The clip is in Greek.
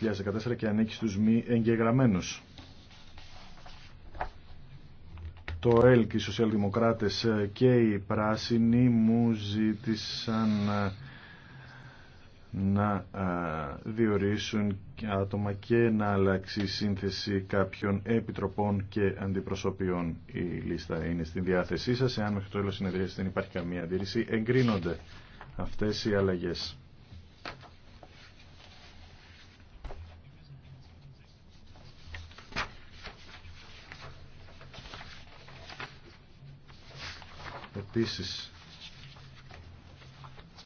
2014 και ανήκει στους μη εγγεγραμμένους. Το ΕΛΚ, οι Σοσιαλδημοκράτες και οι Πράσινοι μου ζήτησαν ε, να ε, διορίσουν άτομα και να αλλάξει η σύνθεση κάποιων επιτροπών και αντιπροσωπιών. Η λίστα είναι στην διάθεσή σας. Εάν μέχρι το τέλος συνεδρίας δεν υπάρχει καμία αντίρρηση, εγκρίνονται αυτές οι αλλαγές. Επίσης